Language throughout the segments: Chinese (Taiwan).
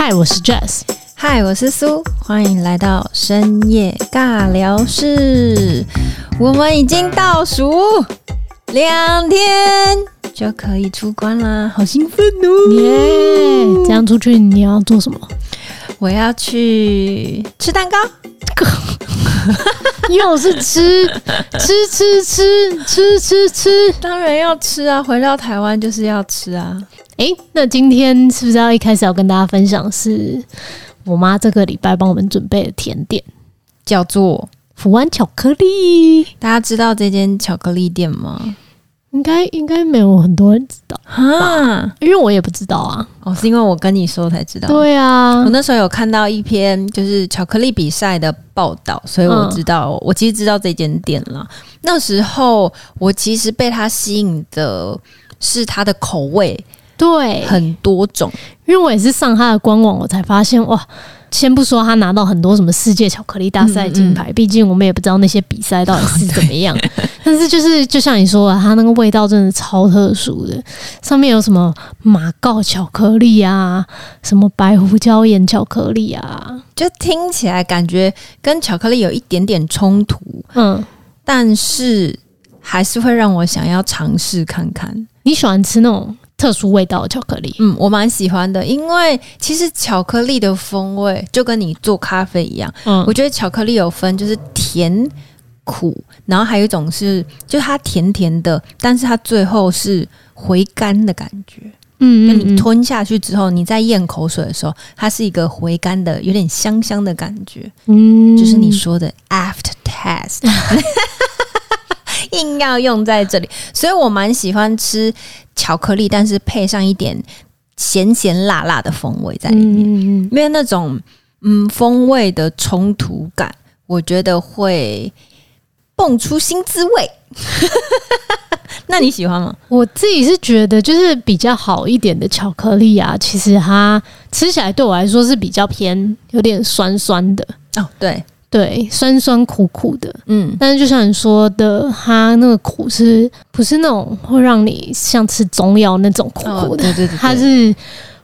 嗨，Hi, 我是 JAZ 嗨，我是蘇。歡迎來到深夜尬聊室。我們已經倒數兩天，就可以出關啦，好興奮哦！耶！Yeah, 這樣出去你要做什麼？我要去吃蛋糕。 又是吃吃吃吃吃吃吃，吃吃吃 當然要吃啊！回到台灣就是要吃啊！誒、欸，那今天是不是要一開始要跟大家分享是我媽這個禮拜幫我們準備的甜點，叫做福灣巧克力。大家知道這間巧克力店嗎？應該應該沒有很多人知道啊，蛤因為我也不知道啊。哦，是因為我跟你說才知道。對啊，我那時候有看到一篇就是巧克力比賽的報道，所以我知道，嗯、我其實知道這間店了。那時候我其實被它吸引的是它的口味。對，很多種，因為我也是上他的官網，我才發現哇！先不說他拿到很多什麼世界巧克力大賽金牌，嗯、嗯、畢竟我們也不知道那些比賽到底是怎麼樣。哦、但是就是就像你說的，他那個味道真的超特殊的，上面有什麼馬告巧克力啊，什麼白胡椒鹽巧克力啊，就聽起來感覺跟巧克力有一點點衝突。嗯，但是還是會讓我想要嘗試看看。你喜歡吃那種？特殊味道的巧克力，嗯，我蠻喜歡的，因為其實巧克力的風味就跟你做咖啡一樣，嗯，我覺得巧克力有分就是甜苦，然後還有一種是就它甜甜的，但是它最後是回甘的感覺，嗯，嗯，嗯，你吞下去之後，你在咽口水的時候，它是一個回甘的，有點香香的感覺，嗯，就是你說的 after taste 硬要用在這裡，所以我蠻喜歡吃巧克力，但是配上一點鹹鹹辣辣的風味在裡面，沒有、嗯、那種嗯風味的衝突感，我覺得會蹦出新滋味。 那你喜歡嗎？我自己是覺得，就是比較好一點的巧克力啊，其實它吃起來對我來說是比較偏有點酸酸的。哦，對。對，酸酸苦苦的，嗯，但是就像你說的，它那個苦是不是,不是那種會讓你像吃中藥那種苦苦的？哦、對對對對它是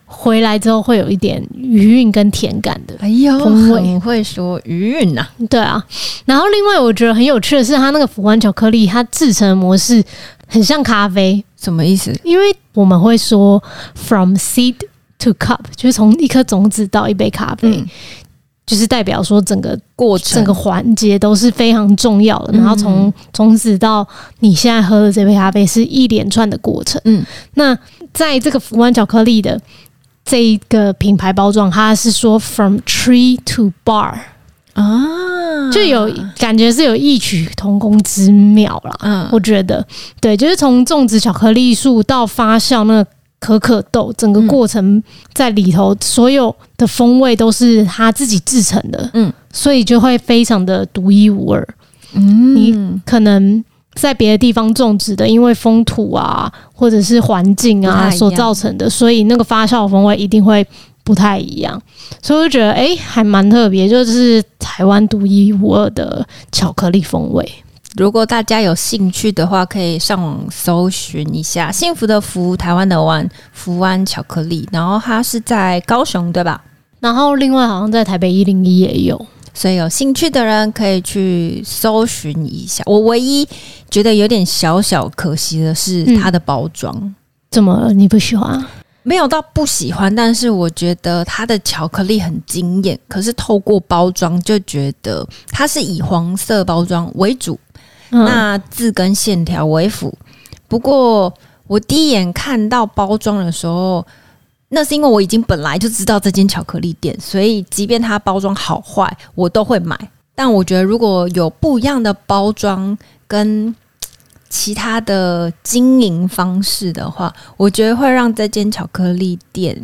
回來之後會有一點餘韻跟甜感的。哎呦，你會說餘韻吶，對啊。然後另外我覺得很有趣的是，它那個福灣巧克力，它制成的模式很像咖啡，什麼意思？因為我們會說 from seed to cup，就是從一顆種子到一杯咖啡。嗯就是代表說，整個過程，整個環節都是非常重要的。然後從從、嗯、哼此到你現在喝的這杯咖啡，是一連串的過程。嗯，那在這個福灣巧克力的這一個品牌包裝，它是說 from tree to bar 啊，就有感覺是有異曲同工之妙了。嗯，我覺得對，就是從種植巧克力樹到發酵那個。可可豆整個過程在裡頭，嗯、所有的風味都是他自己制成的，嗯，所以就會非常的獨一無二。嗯，你可能在別的地方種植的，因為風土啊或者是環境啊所造成的，所以那個發酵風味一定會不太一樣。所以我就覺得，哎、欸，還蠻特別，就是台灣獨一無二的巧克力風味。如果大家有興趣的話，可以上網搜尋一下“幸福的福台灣的灣福灣巧克力”。然後它是在高雄，對吧？然後另外好像在台北一零一也有，所以有興趣的人可以去搜尋一下。我唯一覺得有點小小可惜的是它的包裝。嗯，怎麼你不喜歡？沒有到不喜歡，但是我覺得它的巧克力很驚艷，可是透過包裝就覺得它是以黃色包裝為主。那字跟線條為輔，不過我第一眼看到包裝的時候，那是因為我已經本來就知道這間巧克力店，所以即便它包裝好壞，我都會買。但我覺得如果有不一樣的包裝跟其他的經營方式的話，我覺得會讓這間巧克力店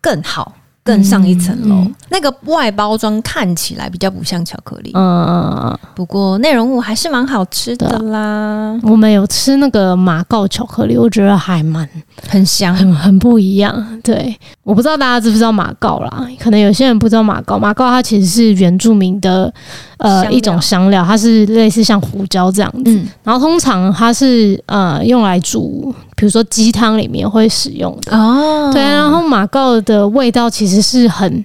更好。更上一層樓，嗯、那個外包裝看起來比較不像巧克力，嗯嗯嗯，不過內容物還是蠻好吃的啦。我沒有吃那個馬告巧克力，我覺得還蠻很香，很很不一樣。對，我不知道大家知不知道馬告啦，可能有些人不知道馬告。馬告它其實是原住民的呃料一種香料，它是類似像胡椒這樣子，嗯、然後通常它是呃用來煮。比如說雞湯裡面會使用的哦，對，然後馬告的味道其實是很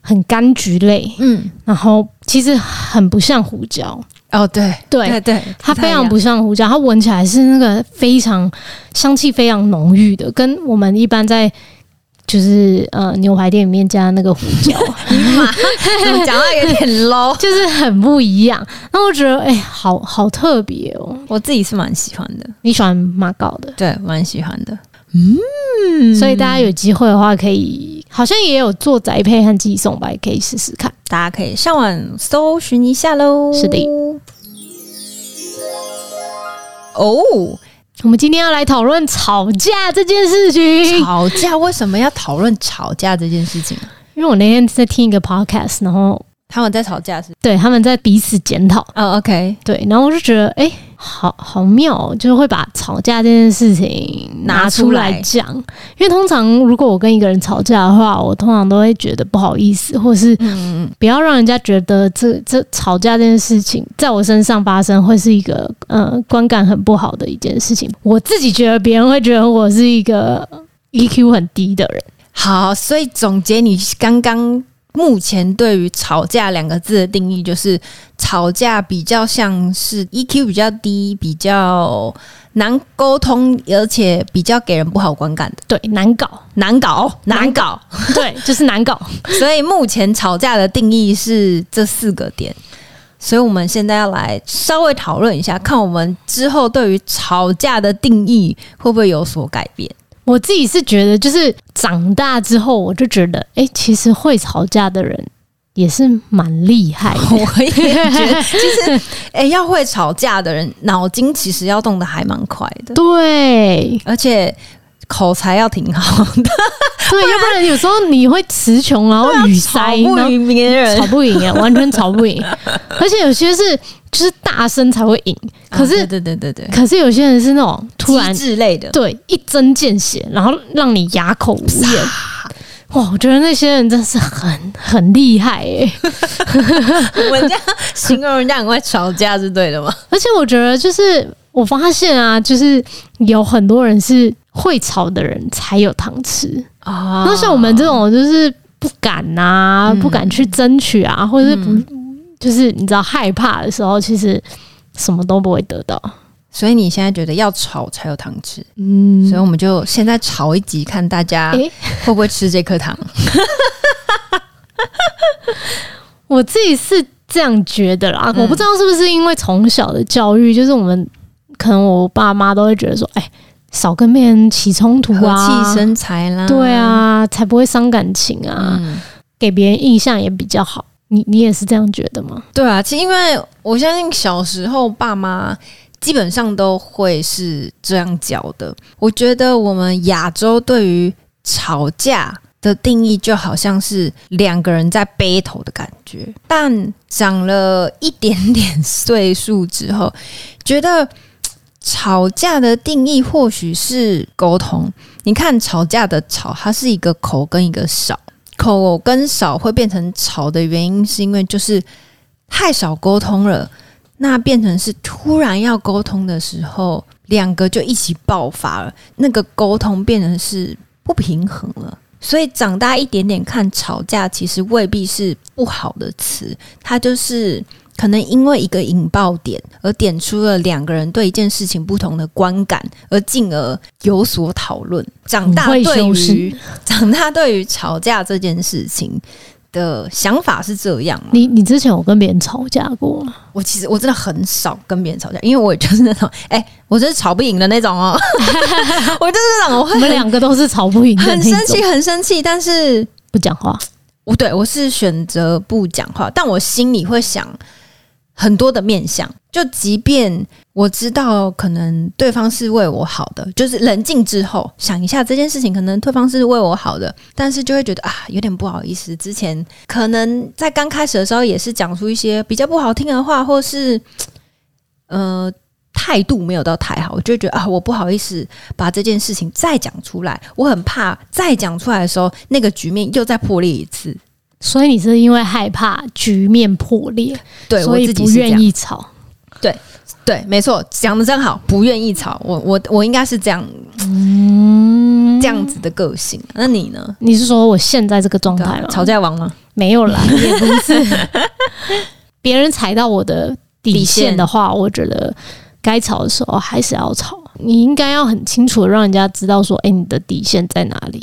很柑橘類，嗯，然後其實很不像胡椒哦，對對對，對對它非常不像胡椒，它聞起來是那個非常香氣非常濃郁的，跟我們一般在。就是呃，牛排店裡面加那個胡椒，你嘛，講話有點 low， 就是很不一樣。那我覺得，哎、欸，好好特別哦，我自己是蠻喜歡的。你喜歡馬告的？對，蠻喜歡的。嗯，所以大家有機會的話，可以，好像也有做宅配和寄送吧，也可以試試看。大家可以上網搜尋一下嘍。是的。哦。Oh! 我們今天要來討論吵架這件事情。吵架為什麼要討論吵架這件事情？因為我那天在聽一個 podcast，然後。他們在吵架是不是？對，他們在彼此檢討啊。Oh, OK，對，然後我就覺得，哎，欸，好好妙喔，就是會把吵架這件事情拿出來講。來因為通常如果我跟一個人吵架的話，我通常都會覺得不好意思，或是不要讓人家覺得這這吵架這件事情在我身上發生會是一個呃觀感很不好的一件事情。我自己覺得，別人會覺得我是一個 EQ 很低的人。好，所以總結你剛剛。目前對於“吵架”兩個字的定義，就是吵架比較像是 EQ 比較低、比較難溝通，而且比較給人不好觀感的。對，難搞，難搞，難搞，難搞。對， 就是難搞。所以目前吵架的定義是這四個點。所以我們現在要來稍微討論一下，看我們之後對於吵架的定義會不會有所改變。我自己是覺得，就是長大之後，我就覺得，哎、欸，其實會吵架的人也是蠻厲害的。我也覺得，其實 、就是，哎、欸，要會吵架的人，腦筋其實要動得還蠻快的。對，而且口才要挺好的，對，不然要不然有時候你會詞窮然後語塞，然後別人，然後，吵不贏，完全吵不贏， 而且有些是。就是大聲才會贏，可是對、啊、對對對對，可是有些人是那種突然之類的，對，一針見血，然後讓你啞口無言。撒哇，我覺得那些人真是很很厲害耶、欸！ 我這樣形容人家很會吵架是對的嗎？而且我覺得就是我發現啊，就是有很多人是會吵的人才有糖吃啊，哦、那像是我們這種就是不敢吶、啊，嗯、不敢去爭取啊，或者是不。嗯就是你知道害怕的時候，其實什麼都不會得到。所以你現在覺得要吵才有糖吃，嗯，所以我們就現在吵一集，看大家會不會吃這顆糖。欸、 我自己是這樣覺得啦，嗯、我不知道是不是因為從小的教育，就是我們可能我爸媽都會覺得說，哎、欸，少跟別人起衝突啊，和氣生財啦，對啊，才不會傷感情啊，嗯、給別人印象也比較好。你你也是這樣覺得嗎？對啊，其實因為我相信小時候爸媽基本上都會是這樣教的。我覺得我們亞洲對於吵架的定義就好像是兩個人在 battle 的感覺，但長了一點點歲數之後，覺得吵架的定義或許是溝通。你看，吵架的吵，它是一個口跟一個少。吵跟少會變成吵的原因，是因為就是太少溝通了，那變成是突然要溝通的時候，兩個就一起爆發了，那個溝通變成是不平衡了，所以長大一點點看吵架，其實未必是不好的詞，它就是。可能因為一個引爆點，而點出了兩個人對一件事情不同的觀感，而進而有所討論。長大對於長大對於吵架這件事情的想法是這樣。啊、你你之前有跟別人吵架過嗎？我其實我真的很少跟別人吵架，因為我就是那種哎、欸，我就是吵不贏的那種哦、喔。 我就是那種，我們兩個都是吵不贏，很生氣，很生氣，但是不講話。我對，我是選擇不講話，但我心裡會想。很多的面向，就即便我知道可能對方是為我好的，就是冷靜之後想一下這件事情，可能對方是為我好的，但是就會覺得啊，有點不好意思。之前可能在剛開始的時候也是講出一些比較不好聽的話，或是呃態度沒有到太好，我就會覺得啊，我不好意思把這件事情再講出來，我很怕再講出來的時候，那個局面又再破裂一次。所以你是因為害怕局面破裂，對，所以不願意吵。對對，沒錯，講的真好，不願意吵。我我我應該是這樣，嗯，這樣子的個性。那你呢？你是說我現在這個狀態了，吵架王嗎？沒有啦， 也不是。 別人踩到我的底線的話，我覺得該吵的時候還是要吵。你應該要很清楚的讓人家知道說，欸，你的底線在哪裡，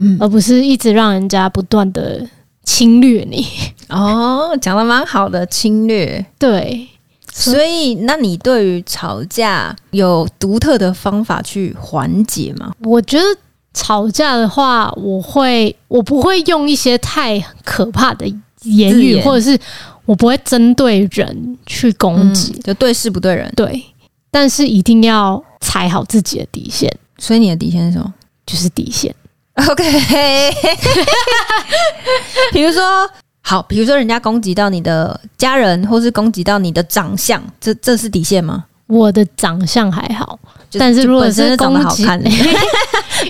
嗯，而不是一直讓人家不斷的。侵略你哦，講得蠻好的侵略。對，所以，所以那你對於吵架有獨特的方法去緩解嗎？我覺得吵架的話，我會我不會用一些太可怕的言語，言或者是我不會針對人去攻擊，嗯、就對事不對人。對，但是一定要踩好自己的底線。所以你的底線是什麼？就是底線。OK，比 如說，好，比如說人家攻擊到你的家人，或是攻擊到你的長相，這這是底線嗎？我的長相還好，就但是如果是，攻擊是長得好看是不是，欸、 啦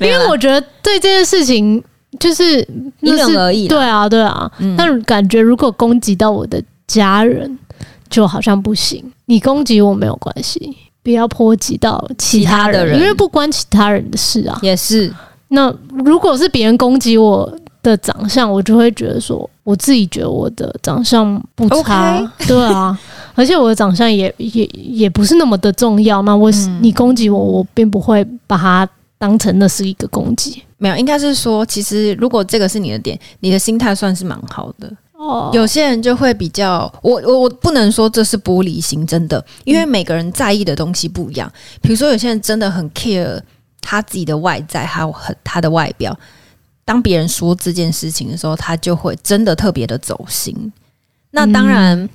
因為我覺得對這件事情就是因人而異。對啊，對啊，嗯、但感覺如果攻擊到我的家人，就好像不行。你攻擊我沒有關係，不要波及到其他人，其他的人，因為不關其他人的事啊，也是。那如果是別人攻擊我的長相，我就會覺得說，我自己覺得我的長相不差，Okay 對啊， 而且我的長相也也也不是那麼的重要嘛。那我、嗯、你攻擊我，我並不會把它當成那是一個攻擊。嗯、沒有，應該是說，其實如果這個是你的點，你的心態算是蠻好的。哦，oh、有些人就會比較，我我我不能說這是玻璃心，真的，因為每個人在意的東西不一樣。比、嗯、如說，有些人真的很 care。他自己的外在，他很他的外表。當別人說這件事情的時候，他就會真的特別的走心。那當然、嗯、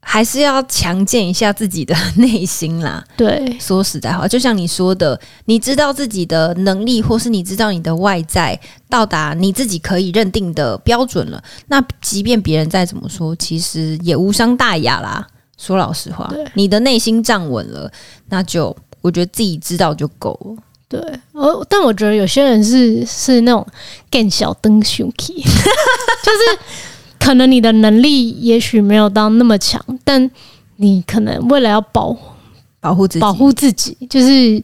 還是要強健一下自己的內心啦。對，說實在話，就像你說的，你知道自己的能力，或是你知道你的外在到達你自己可以認定的標準了，那即便別人再怎麼說，其實也無傷大雅啦。說老實話，對你的內心站穩了，那就。我覺得自己知道就夠了。對，我、哦、但我覺得有些人是是那種更小燈熊 key，就是可能你的能力也許沒有到那麼強，但你可能為了要保保護自保護自己，就是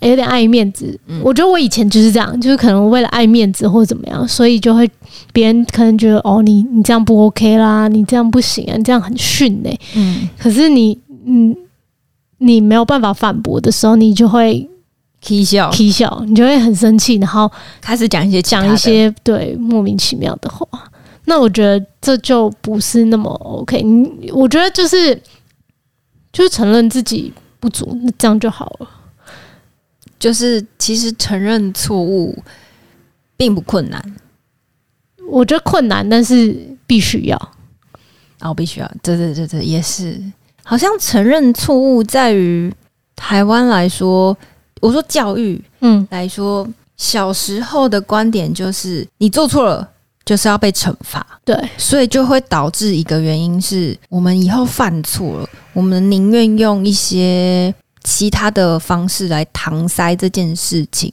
有點愛面子。嗯、我覺得我以前就是這樣，就是可能為了愛面子或怎麼樣，所以就會別人可能覺得哦，你你這樣不 OK 啦，你這樣不行啊，你這樣很遜呢、欸嗯。嗯，可是你嗯。你沒有辦法反駁的時候，你就會踢笑踢笑，你就會很生氣，然後開始講一些講一些對莫名其妙的話。那我覺得這就不是那麼 OK。我覺得就是就是承認自己不足，那這樣就好了。就是其實承認錯誤並不困難，我覺得困難，但是必須要哦，必須要啊，對對對對也是。好像承認錯誤，在於台灣來說，我說教育說，嗯，來說，小時候的觀點就是，你做錯了就是要被懲罰，對，所以就會導致一個原因是，我們以後犯錯了，我們寧願用一些其他的方式來搪塞這件事情。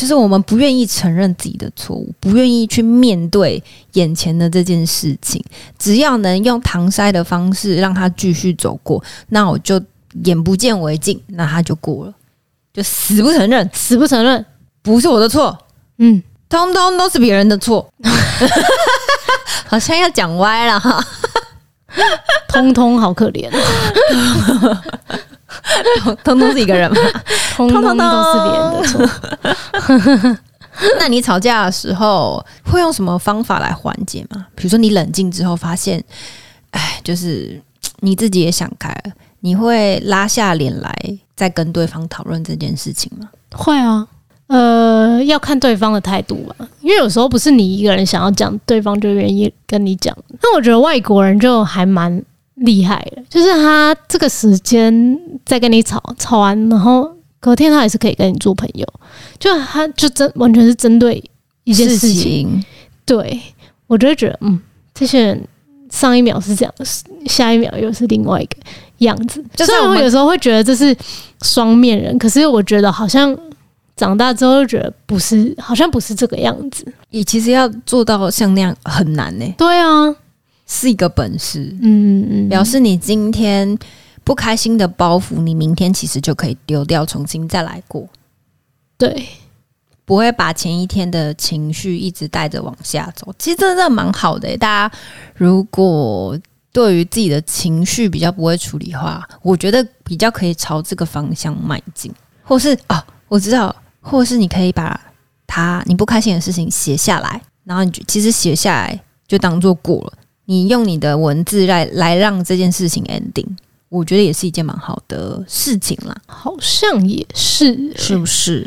就是我們不願意承認自己的錯誤，不願意去面對眼前的這件事情。只要能用搪塞的方式讓他繼續走過，那我就眼不見為淨，那他就過了，就死不承認，死不承認，不是我的錯，嗯，通通都是別人的錯， 好像要講歪了哈、哦， 通通好可憐。 通通是一個人嗎？ 通通都是別人的錯。 那你吵架的時候會用什麼方法來緩解嗎？比如說你冷靜之後發現，哎，就是你自己也想開了，你會拉下臉來再跟對方討論這件事情嗎？會啊，呃，要看對方的態度吧，因為有時候不是你一個人想要講，對方就願意跟你講。那我覺得外國人就還蠻。厲害了，就是他這個時間在跟你吵，吵完然後隔天他還是可以跟你做朋友，就他就針完全是針對一件事情。事情對，我就覺得，嗯，這些人上一秒是這樣，下一秒又是另外一個樣子，是所以我有時候會覺得這是雙面人。可是我覺得好像長大之後就覺得不是，好像不是這個樣子。你其實要做到像那樣很難呢，欸。對啊。是一個本事，嗯嗯嗯，表示你今天不開心的包袱，你明天其實就可以丟掉，重新再來過。對，不會把前一天的情緒一直帶着往下走。其實真的蠻好的，欸，大家如果對於自己的情緒比較不會處理的話，我覺得比較可以朝這個方向邁進，或是啊，我知道，或是你可以把它你不開心的事情寫下來，然後你就其實寫下來就當做過了。你用你的文字來來讓這件事情 ending，我覺得也是一件蠻好的事情啦。好像也是，是不是？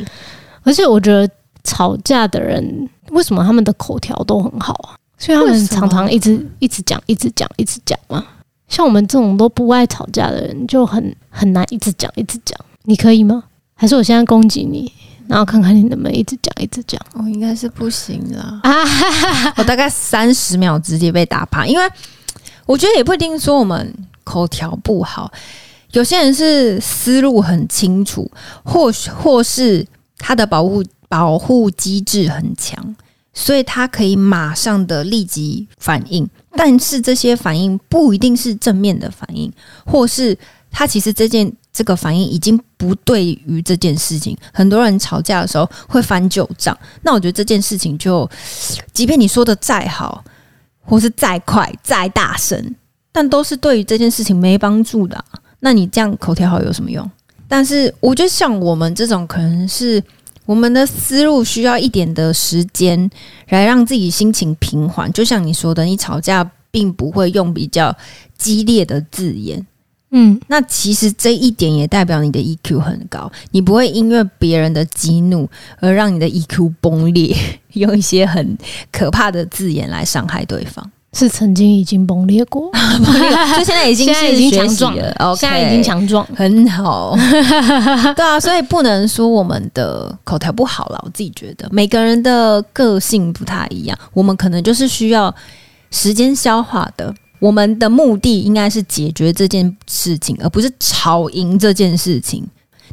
而且我覺得吵架的人為什麼他們的口條都很好啊？所以他們常常一直一直講，一直講，一直講嘛、啊。像我們這種都不愛吵架的人，就很很難一直講，一直講。你可以嗎？還是我現在攻擊你？然後看看你能不能一直講，一直講。我、哦、應該是不行了啊！ 我大概三十秒直接被打趴，因為我覺得也不一定說我們口條不好，有些人是思路很清楚，或許或是他的保護保護機制很強，所以他可以馬上的立即反應，但是這些反應不一定是正面的反應，或是他其實這件。這個反應已經不對於這件事情。很多人吵架的時候會翻舊賬，那我覺得這件事情就，即便你說的再好，或是再快，再大聲，但都是對於這件事情沒幫助的啊。那你這樣口條好有什麼用？但是我覺得像我們這種，可能是我們的思路需要一點的時間來讓自己心情平緩。就像你說的，你吵架並不會用比較激烈的字眼。嗯，那其實這一點也代表你的 EQ 很高，你不會因為別人的激怒而讓你的 EQ 崩裂，用一些很可怕的字眼來傷害對方。是曾經已經崩裂過， 就現在已經是了現在已經強壯了。哦，現在已經強壯，okay, 很好。 對啊，所以不能說我們的口條不好了。我自己覺得，每個人的個性不太一樣，我們可能就是需要時間消化的。我們的目的應該是解決這件事情，而不是吵贏這件事情。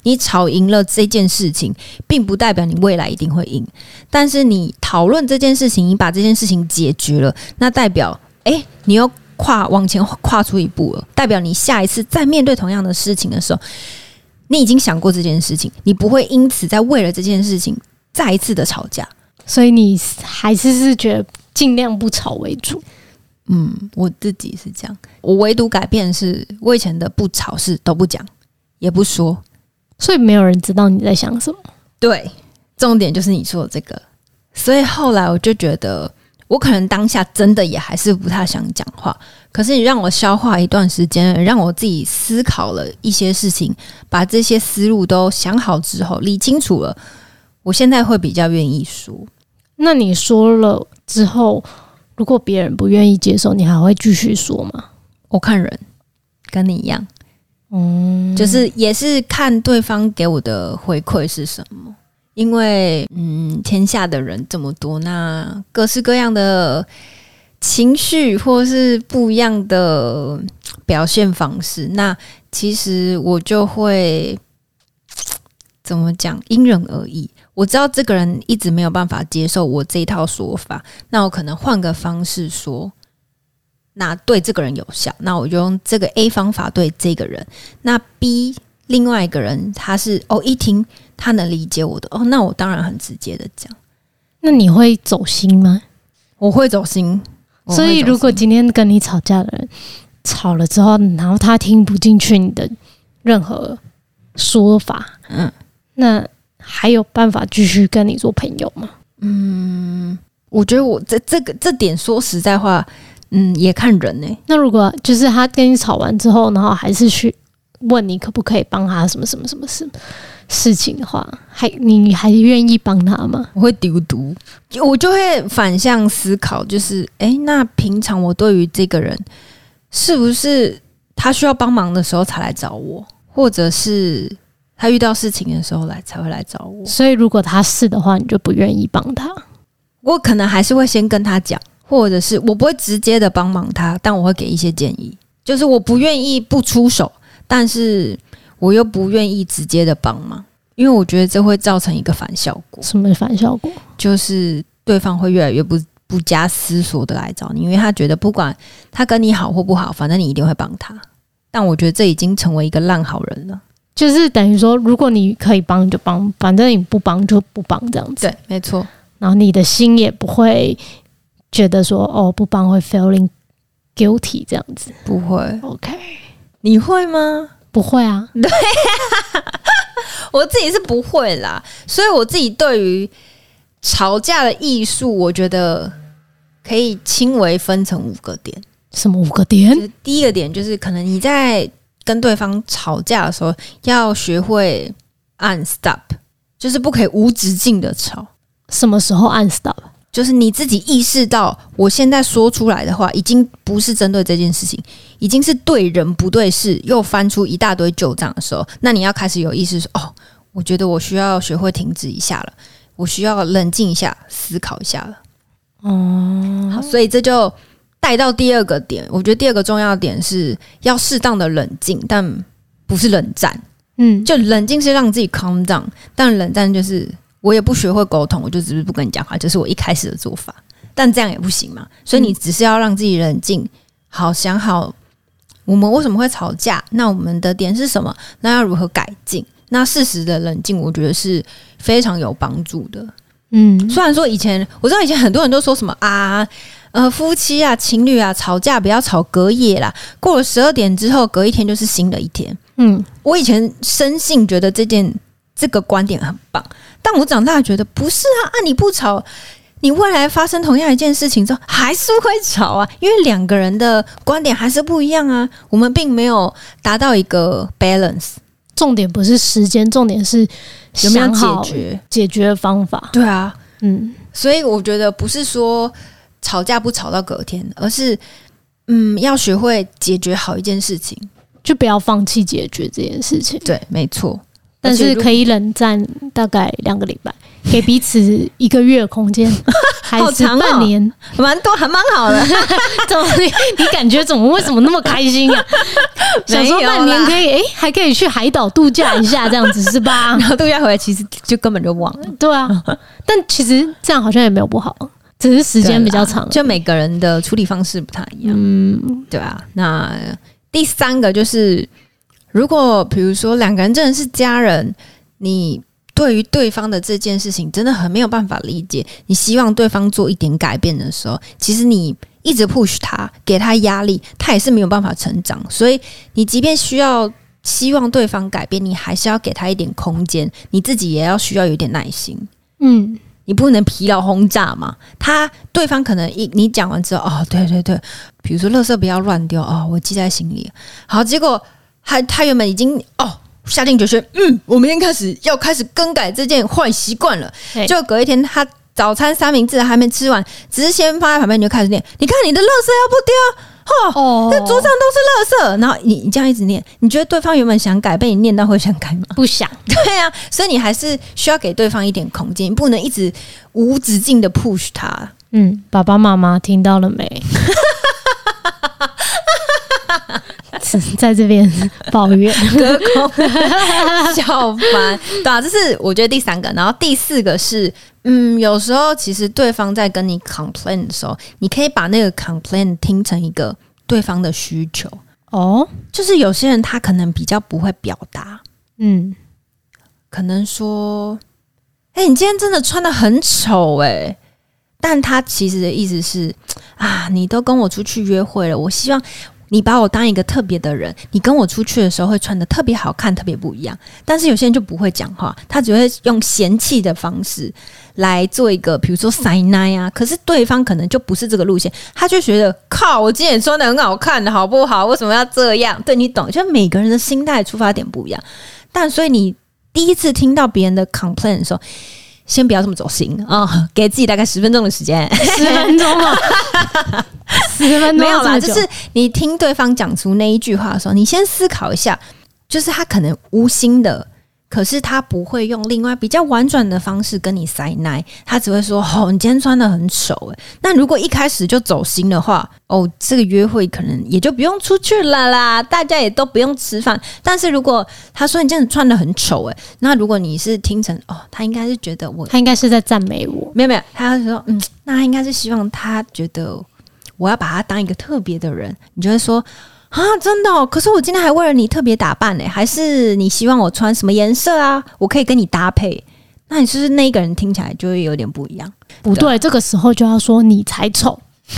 你吵贏了這件事情，並不代表你未來一定會贏。但是你討論這件事情，你把這件事情解決了，那代表，哎，你又跨往前跨出一步了。代表你下一次再面對同樣的事情的時候，你已經想過這件事情，你不會因此再為了這件事情再一次的吵架。所以你還是是覺得儘量不吵為主？嗯，我自己是這樣。我唯獨改變是，我以前的不吵事都不講，也不說，所以沒有人知道你在想什麼？對，重點就是你說的這個。所以後來我就覺得，我可能當下真的也還是不太想講話。可是你讓我消化一段時間，讓我自己思考了一些事情，把這些思路都想好之後理清楚了，我現在會比較願意說。那你說了之後。如果別人不願意接受，你還會繼續說嗎？我看人跟你一樣，嗯，就是也是看對方給我的回饋是什麼。因為嗯，天下的人這麼多，那各式各樣的情緒或是不一樣的表現方式，那其實我就會怎麼講，因人而異。我知道這個人一直沒有辦法接受我這一套說法，那我可能換個方式說，那對這個人有效，那我就用這個 A 方法對這個人。那 B 另外一個人他是哦一聽他能理解我的哦，那我當然很直接的講。那你會走心嗎？我會走心。我會走心。所以如果今天跟你吵架的人吵了之後，然後他聽不進去你的任何說法，嗯，那。還有辦法繼續跟你做朋友嗎？嗯，我覺得我這這個這點說實在話，嗯，也看人呢、欸。那如果就是他跟你吵完之後，然後還是去問你可不可以幫他什麼什麼什麼事事情的話，還你還願意幫他嗎？我會丟毒，我就會反向思考，就是哎，那平常我對於這個人是不是他需要幫忙的時候才來找我，或者是？他遇到事情的時候來才會來找我，所以如果他是的話，你就不願意幫他。我可能還是會先跟他講，或者是我不會直接的幫忙他，但我會給一些建議。就是我不願意不出手，但是我又不願意直接的幫忙，因為我覺得這會造成一個反效果。什麼反效果？就是對方會越來越不不加思索的來找你，因為他覺得不管他跟你好或不好，反正你一定會幫他。但我覺得這已經成為一個爛好人了。就是等於說，如果你可以幫就幫，反正你不幫就不幫，這樣子。對，沒錯。然後你的心也不會覺得說，哦，不幫會 feeling guilty 這樣子。不會。OK。你會嗎？不會啊。對啊。我自己是不會啦，所以我自己對於吵架的藝術，我覺得可以輕微分成五個點。什麼五個點？第一個點就是可能你在，跟對方吵架的時候，要學會按 stop，就是不可以無止境的吵。什麼時候按 stop？就是你自己意識到，我現在說出來的話已經不是針對這件事情，已經是對人不對事，又翻出一大堆舊賬的時候，那你要開始有意識說：“哦，我覺得我需要學會停止一下了，我需要冷靜一下，思考一下了。”嗯，好，所以這就帶到第二個點，我覺得第二個重要點是要適當的冷靜，但不是冷戰。嗯，就冷靜是讓自己 calm down，但冷戰就是我也不學會溝通，我就只是不跟你講話，這、就是我一開始的做法。但這樣也不行嘛，所以你只是要讓自己冷靜，嗯、好想好我們為什麼會吵架，那我們的點是什麼，那要如何改進？那適時的冷靜，我覺得是非常有幫助的。嗯，雖然說以前我知道以前很多人都說什麼啊。呃，夫妻啊，情侶啊，吵架不要吵隔夜啦。過了十二點之後，隔一天就是新的一天。嗯，我以前深信覺得這件這個觀點很棒，但我長大覺得不是啊啊！你不吵，你未來發生同樣一件事情之後，還是會吵啊，因為兩個人的觀點還是不一樣啊。我們並沒有達到一個 balance。重點不是時間，重點是有沒有想解決解決方法。對啊，嗯，所以我覺得不是說。吵架不吵到隔天，而是嗯，要學會解決好一件事情，就不要放棄解決這件事情。對，沒錯，但是可以冷戰大概兩個禮拜，給彼此一個月空間， 還是半年，蠻、哦、多，還蠻好的。怎麼？你感覺怎麼？為什麼那麼開心啊？ 想說半年可以，哎、欸，還可以去海島度假一下，這樣子是吧？ 然後度假回來，其實就根本就忘了。對啊，嗯、 但其實這樣好像也沒有不好。只是時間比較長，就每個人的處理方式不太一樣，嗯，對啊。那第三個就是，如果比如說兩個人真的是家人，你對於對方的這件事情真的很沒有辦法理解，你希望對方做一點改變的時候，其實你一直 push 他，給他壓力，他也是沒有辦法成長。所以你即便需要希望對方改變，你還是要給他一點空間，你自己也要需要有一點耐心。嗯。你不能疲勞轟炸嘛。他對方可能一你講完之後，哦，對對對，比如說，垃圾不要亂丟哦，我記在心裡。好，結果他他原本已經哦下定決心，嗯，我明天開始要開始更改這件壞習慣了。對就隔一天，他早餐三明治還沒吃完，只是先放在旁邊，你就開始念，你看你的垃圾要不丟。哦，這桌上都是垃圾。然後你你這樣一直念，你覺得對方原本想改，被你念到會想改嗎？不想。對啊，所以你還是需要給對方一點空間，不能一直無止境的 push 他。嗯，爸爸媽媽聽到了沒？ 在這邊抱怨，隔空叫板，對啊，這是我覺得第三個。然後第四個是。嗯，有時候其實對方在跟你 complain 的時候，你可以把那個 complain 聽成一個對方的需求哦。就是有些人他可能比較不會表達，嗯，可能說，哎、欸，你今天真的穿得很醜哎、欸。但他其實的意思是，啊，你都跟我出去約會了，我希望。你把我當一個特別的人，你跟我出去的時候會穿的特別好看，特別不一樣。但是有些人就不會講話，他只會用嫌棄的方式來做一個，比如說塞 e 啊。可是對方可能就不是這個路線，他就覺得靠，我今天也穿的很好看的好不好？為什麼要這樣？對你懂？就每個人的心態出發點不一樣。但所以你第一次聽到別人的 complaint 的時候。先不要這麼走心啊、哦！給自己大概十分鐘的時間，十分鐘吧， 十分鐘 沒有啦。就是你聽對方講出那一句話的時候，你先思考一下，就是他可能無心的。可是他不會用另外比較婉轉的方式跟你塞奶，他只會說：“哦，你今天穿的很醜。”哎，那如果一開始就走心的話，哦，這個約會可能也就不用出去了啦，大家也都不用吃飯。但是如果他說你這樣穿的很醜，哎，那如果你是聽成哦，他應該是覺得我，他應該是在讚美我。沒有沒有，他是說嗯，那他應該是希望他覺得我要把他當一個特別的人，你就會說。啊，真的哦！可是我今天還為了你特別打扮嘞，還是你希望我穿什麼顏色啊？我可以跟你搭配。那你是不是那一個人，聽起來就會有點不一樣。對。不對，這個時候就要說你才醜。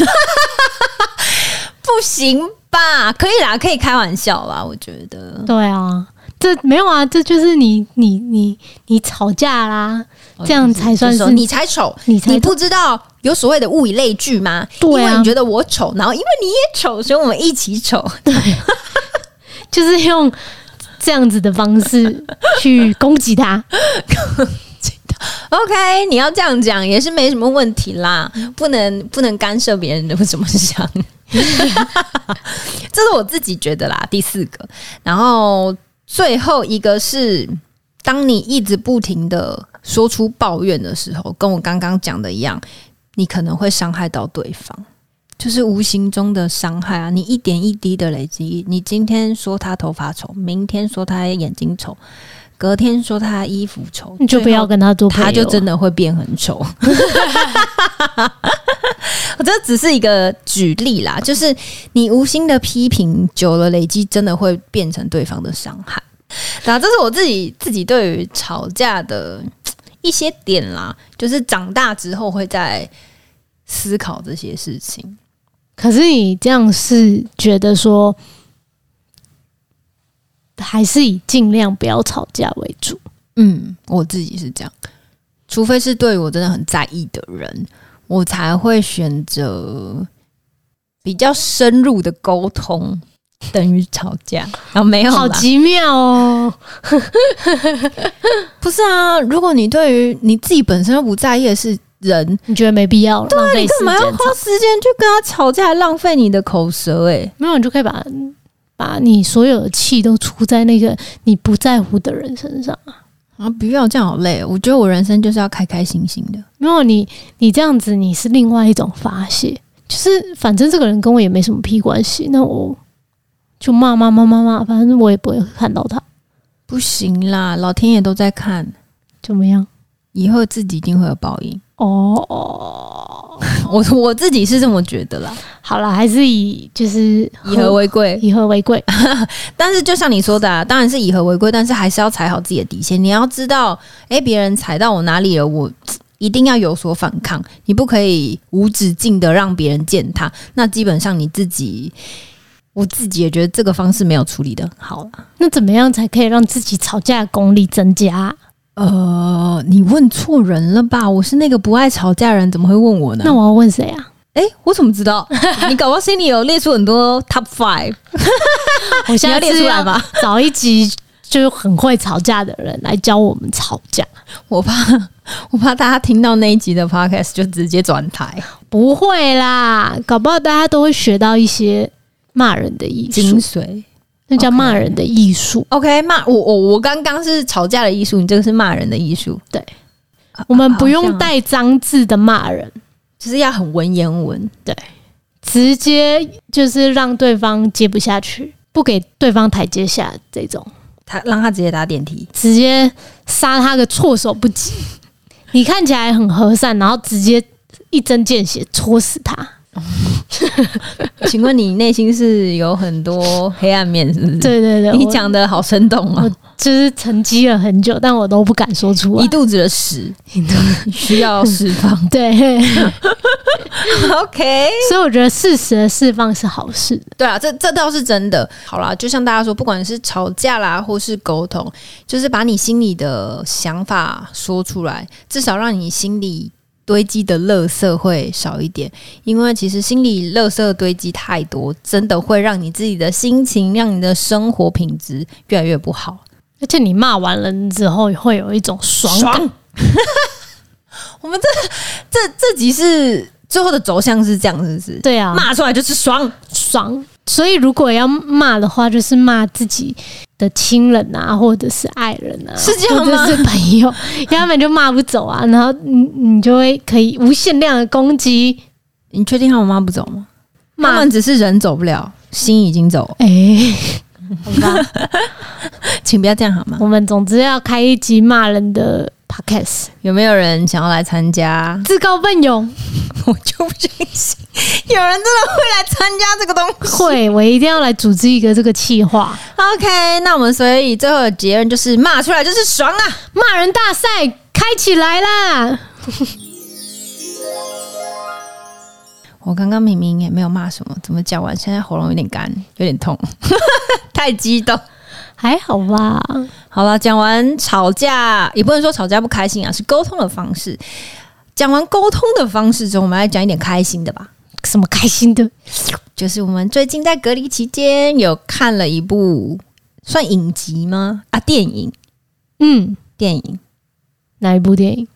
不行吧？可以啦，可以開玩笑啦。我覺得，對啊，這沒有啊，這就是你，你，你，你吵架啦。這樣才算是你才醜，你你不知道有所謂的物以類聚嗎？對啊，因為你覺得我醜，然後因為你也醜，所以我們一起醜，對， 就是用這樣子的方式去攻擊他。 OK，你要這樣講也是沒什麼問題啦，嗯，不能不能干涉別人的怎麼想， 這是我自己覺得啦。第四個，然後最後一個是當你一直不停的。說出抱怨的時候，跟我剛剛講的一樣，你可能會傷害到對方，就是無形中的傷害啊！你一點一滴的累積，你今天說他頭髮醜，明天說他眼睛醜，隔天說他衣服醜，就你就不要跟他做朋友，他就真的會變很醜。我這只是一個舉例啦，就是你無心的批評久了累積，真的會變成對方的傷害。然後這是我自己自己對於吵架的。一些點啦，就是長大之後會在思考這些事情。可是你這樣是覺得說，還是以盡量不要吵架為主？嗯，我自己是這樣，除非是對我真的很在意的人，我才會選擇比較深入的溝通。等於吵架，然後沒有，好奇妙哦！ 不是啊，如果你對於你自己本身又不在意的是人，你覺得沒必要了。對啊，你幹嘛要花時間去跟他吵架，浪費你的口舌，欸？誒。沒有，你就可以把把你所有的氣都出在那個你不在乎的人身上啊！啊，不要這樣，好累。我覺得我人生就是要開開心心的。沒有你，你這樣子你是另外一種發洩，就是反正這個人跟我也沒什麼屁關係，那我。就罵罵罵罵罵，反正我也不會看到他，不行啦，老天爺都在看，怎麼樣？以後自己一定會有報應哦。Oh、 我我自己是這麼覺得啦。好了，還是以就是以和為貴，以和為貴。 但是就像你說的啊，當然是以和為貴，但是還是要踩好自己的底線。你要知道，哎，別人踩到我哪裡了，我一定要有所反抗。你不可以無止境的讓別人踐踏，那基本上你自己。我自己也覺得這個方式沒有處理的好了。那怎麼樣才可以讓自己吵架的功力增加？呃，你問錯人了吧？我是那個不愛吵架的人，怎麼會問我呢？那我要問誰啊？哎、欸，我怎麼知道？ 你搞不好心裡有列出很多 top five。 我現在要列出來吧。找一集就很會吵架的人來教我們吵架，我怕我怕大家聽到那一集的 podcast 就直接轉台。不會啦，搞不好大家都會學到一些。罵人的藝術精髓，那叫罵人的藝術。OK，罵、okay，我我我剛剛是吵架的藝術，你這個是罵人的藝術。對，啊、我們不用帶髒字的罵人、啊啊啊啊，就是要很文言文，對，直接就是讓對方接不下去，不給對方台階下，這種他讓他直接搭電梯，直接殺他個措手不及。 你看起來很和善，然後直接一針見血，戳死他。 請問你內心是有很多黑暗面，是不是？對對對，你講的好生動啊！我就是沉積了很久，但我都不敢說出來，一肚子的屎你都需要釋放。 對 ，OK。所以我覺得事實的釋放是好事。對啊，這這倒是真的。好啦，就像大家說，不管是吵架啦，或是溝通，就是把你心裡的想法說出來，至少讓你心裡堆積的垃圾會少一點，因為其實心裡垃圾堆積太多，真的會讓你自己的心情、讓你的生活品質越來越不好。而且你罵完了之後，會有一種爽感。爽感。 我們這這這集是最後的走向是這樣，是不是？對啊，罵出來就是爽爽。所以如果要罵的話，就是罵自己。的親人啊，或者是愛人啊，是這樣嗎？是朋友，他們就罵不走啊。然後你你就會可以無限量的攻擊。你確定他們罵不走嗎？罵罵 只是人走不了，心已經走，哎，請不要這樣好嗎？我們總之要開一集罵人的。p o d c a s, Podcast 有沒有人想要來參加？自告奮勇， 我就不相信有人真的會來參加這個東西。會，我一定要來組織一個這個企劃。OK，那我們所以最後的結論就是：罵出來就是爽啊！罵人大賽開起來啦！ 我剛剛明明也沒有罵什麼，怎麼講完現在喉嚨有點乾，有點痛， 太激動。還好吧，好啦，講完吵架，也不能說吵架不開心啊，是溝通的方式。講完溝通的方式之後，我們來講一點開心的吧。什麼開心的？就是我們最近在隔離期間有看了一部，算影集嗎？啊，電影，嗯，電影，哪一部電影？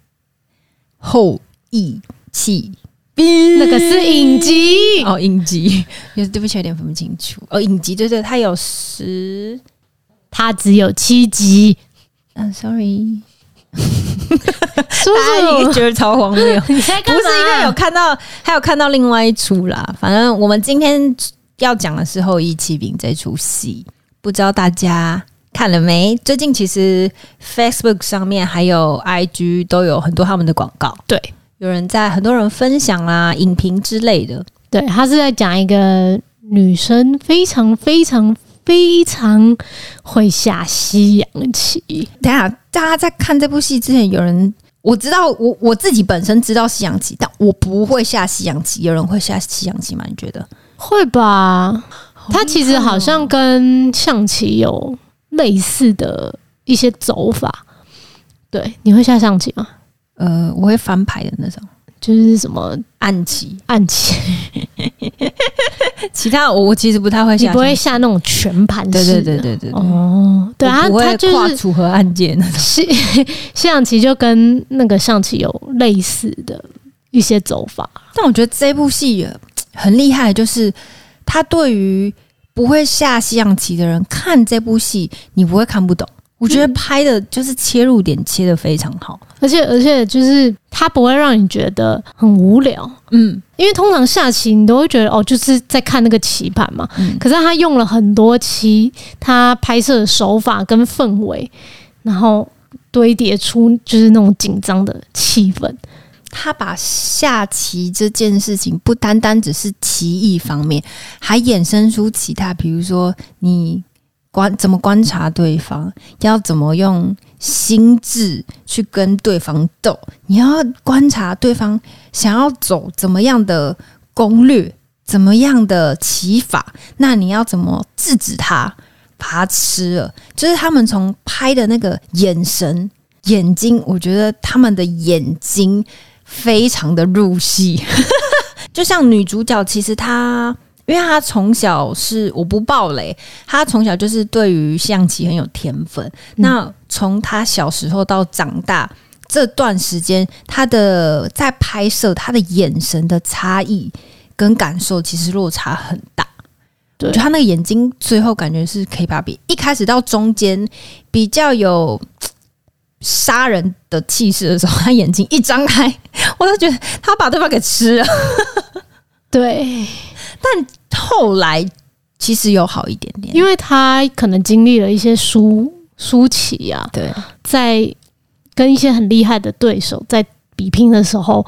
後翼棄兵，比那個是影集哦，影集，有 對不起，有點分不清楚哦，影集，對對，它有十。他只有七集，嗯，sorry，叔叔已覺得超荒謬。但是因為有看到，還有看到另外一出啦。反正我們今天要講的是《後翼棄兵》這出戲，不知道大家看了沒？最近其實 Facebook 上面還有 IG 都有很多他們的廣告，對，有人在很多人分享啦、啊、影評之類的。對，他是在講一個女生非常非常。非常會下西洋棋。等下，大家在看這部戲之前，有人我知道我，我我自己本身知道西洋棋，但我不會下西洋棋。有人會下西洋棋嗎？你覺得會吧？它其實好像跟象棋有類似的一些走法。對，你會下象棋嗎？呃，我會翻牌的那種。就是什麼暗棋期、暗棋期笑，其他我我其實不太會下，你不會下那種全盤式，對對對對對，對，對哦，對啊，他就是組合按鍵，那種，西西洋棋就跟那個象棋有類似的一些走法，但我覺得這部戲也很厲害，就是他對於不會下西洋棋的人看這部戲，你不會看不懂。我覺得拍的就是切入點切的非常好，嗯、而且而且就是它不會讓你覺得很無聊，嗯，因為通常下棋你都會覺得哦，就是在看那個棋盤嘛，嗯、可是他用了很多棋，他拍攝的手法跟氛圍，然後堆疊出就是那種緊張的氣氛。他把下棋這件事情不單單只是棋藝方面，還衍生出其他，比如說你。觀怎麼觀察對方，要怎麼用心智去跟對方鬥？你要觀察對方想要走怎麼樣的攻略，怎麼樣的棋法，那你要怎麼制止他，把他吃了？就是他們從拍的那個眼神、眼睛，我覺得他們的眼睛非常的入戲， 就像女主角，其實她。因為他從小是我不爆雷，他從小就是對於象棋很有天分。嗯、那從他小時候到長大這段時間，他的在拍攝他的眼神的差異跟感受，其實落差很大。對我覺得他那個眼睛最後感覺是 K-Pop 一開始到中間比較有殺人的氣勢的時候，他眼睛一張開，我都覺得他把對方給吃了。對，但。後來其實有好一點點，因為他可能經歷了一些輸輸棋呀，啊、對，在跟一些很厲害的對手在比拼的時候，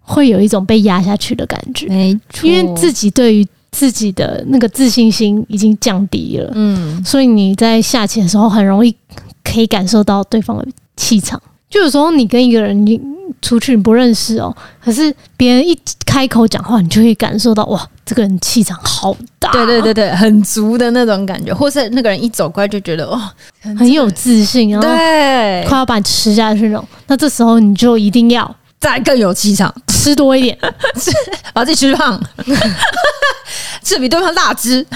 會有一種被壓下去的感覺，沒錯，因為自己對於自己的那個自信心已經降低了，嗯，所以你在下棋的時候很容易可以感受到對方的氣場，就有時候你跟一個人你。出去你不認識哦，可是別人一開口講話，你就會感受到哇，這個人氣場好大，對對對對，很足的那種感覺。或是那個人一走過來就覺得哇，很有自信哦。對，快要把你吃下去那種。對那這時候你就一定要再更有氣場，吃多一點，是是把自己吃胖，吃 比對方大隻，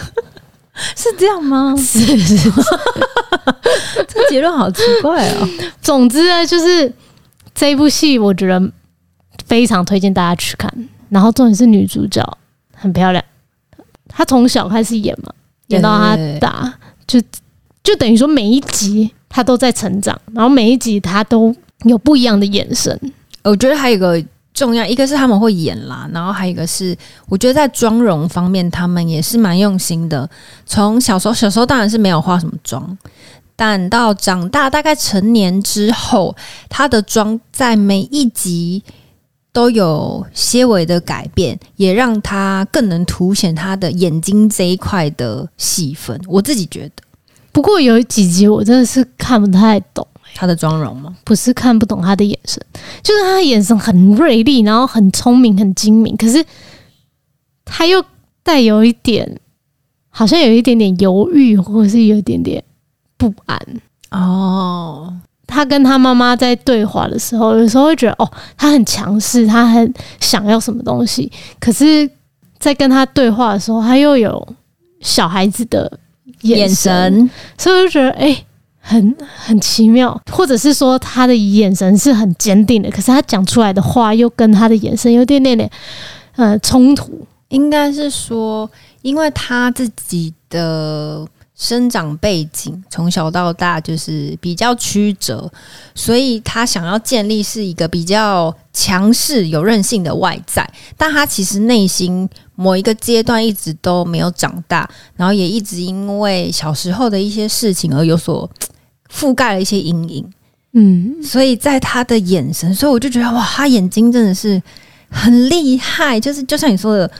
是這樣嗎？是是，這個結論好奇怪哦。總之呢，就是。這一部戲我覺得非常推薦大家去看，然後重點是女主角很漂亮，她從小開始演嘛，演到她大，對對對對，就就等於說每一集她都在成長，然後每一集她都有不一樣的眼神。我覺得還有一個重要，一個是他們會演啦，然後還有一個是我覺得在妝容方面他們也是蠻用心的，從小時候小時候當然是沒有化什麼妝。但到長大大概成年之後，他的妝在每一集都有些微的改變，也讓他更能凸顯他的眼睛這一塊的戲份。我自己覺得，不過有幾集我真的是看不太懂他的妝容嗎？不是看不懂他的眼神，就是他的眼神很銳利，然後很聰明、很精明，可是他又帶有一點，好像有一點點猶豫，或是有一點點。不安哦，他跟他媽媽在對話的時候，有時候會覺得哦，他很強勢，他很想要什麼東西。可是，在跟他對話的時候，他又有小孩子的眼神，眼神，所以就覺得哎、欸，很很奇妙，或者是說他的眼神是很堅定的，可是他講出來的話又跟他的眼神有點有點點呃衝突。應該是說，因為他自己的。生長背景從小到大就是比較曲折，所以他想要建立是一個比較強勢有韌性的外在，但他其實內心某一個階段一直都沒有長大，然後也一直因為小時候的一些事情而有所覆蓋了一些陰影。嗯，所以在他的眼神，所以我就覺得哇，他眼睛真的是很厲害，就是就像你說的。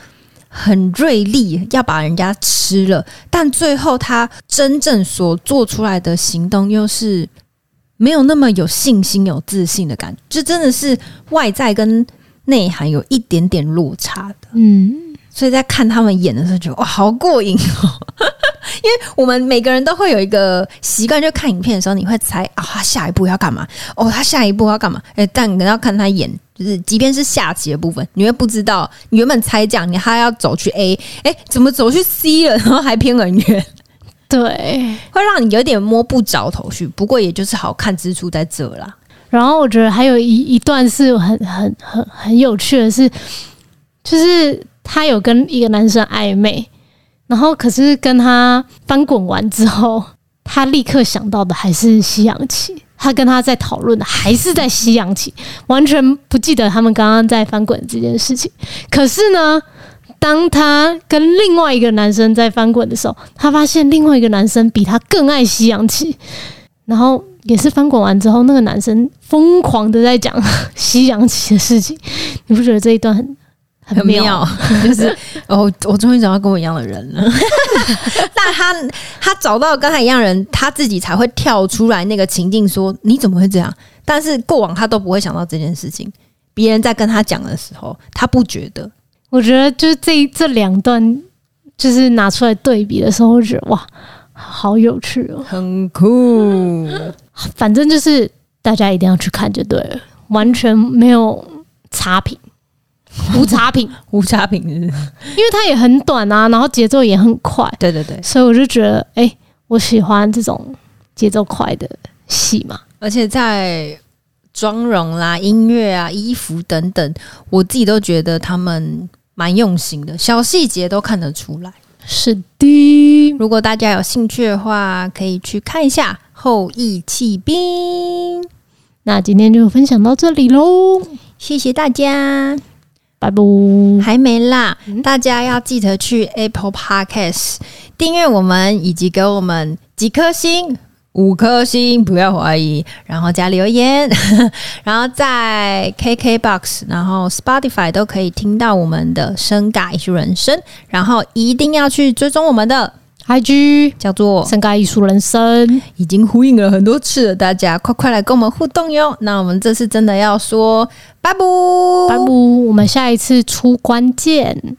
很銳利，要把人家吃了，但最後他真正所做出來的行動又是沒有那麼有信心、有自信的感覺，就真的是外在跟內涵有一點點落差的。嗯，所以在看他們演的時候覺得，哇，好過癮哦。 因為我們每個人都會有一個習慣，就看影片的時候，你會猜啊，他下一步要幹嘛？哦，他下一步要幹嘛？誒、欸，但你要看他演，就是即便是下棋的部分，你會不知道，你原本猜這樣，你還要走去 A，誒、欸，怎麼走去 C 了？然後還偏很遠，對，會讓你有點摸不着頭緒。不過，也就是好看之處在這啦。然後，我覺得還有一一段是很很很很有趣的是，就是他有跟一個男生曖昧。然後，可是跟他翻滾完之後，他立刻想到的還是西洋棋。他跟他在討論的還是在西洋棋，完全不記得他們剛剛在翻滾這件事情。可是呢，當他跟另外一個男生在翻滾的時候，他發現另外一個男生比他更愛西洋棋。然後也是翻滾完之後，那個男生瘋狂的在講西洋棋的事情。你不覺得這一段很？很妙，很妙 就是哦，我終於找到跟我一樣的人了。 但他他找到跟他一樣的人，他自己才會跳出來那個情境說，說你怎麼會這樣？但是過往他都不會想到這件事情。別人在跟他講的時候，他不覺得。我覺得就是這這兩段，就是拿出來對比的時候，我覺得哇，好有趣哦，很酷、嗯。反正就是大家一定要去看就對了，完全沒有差評。 無差評，是不是？ 無差評，因為它也很短啊，然後節奏也很快，對對對，所以我就覺得，誒、欸，我喜歡這種節奏快的戲嘛。而且在妝容啦、啊、音樂啊、衣服等等，我自己都覺得他們蠻用心的，小細節都看得出來。是的，如果大家有興趣的話，可以去看一下《後翼棄兵》。那今天就分享到這裡嘍，謝謝大家。拜拜，bye bye 還沒啦！嗯、大家要記得去 Apple Podcast 訂閱我們，以及給我們幾顆星，五顆星，不要懷疑，然後加留言， 然後在 KK Box，然後 Spotify 都可以聽到我們的《深尬藝術人生》，然後一定要去追蹤我們的。IG 叫做“深尬藝術人生”，已經呼應了很多次了，大家快快來跟我們互動喲！那我們這次真的要說拜拜拜，我們下一次出關見。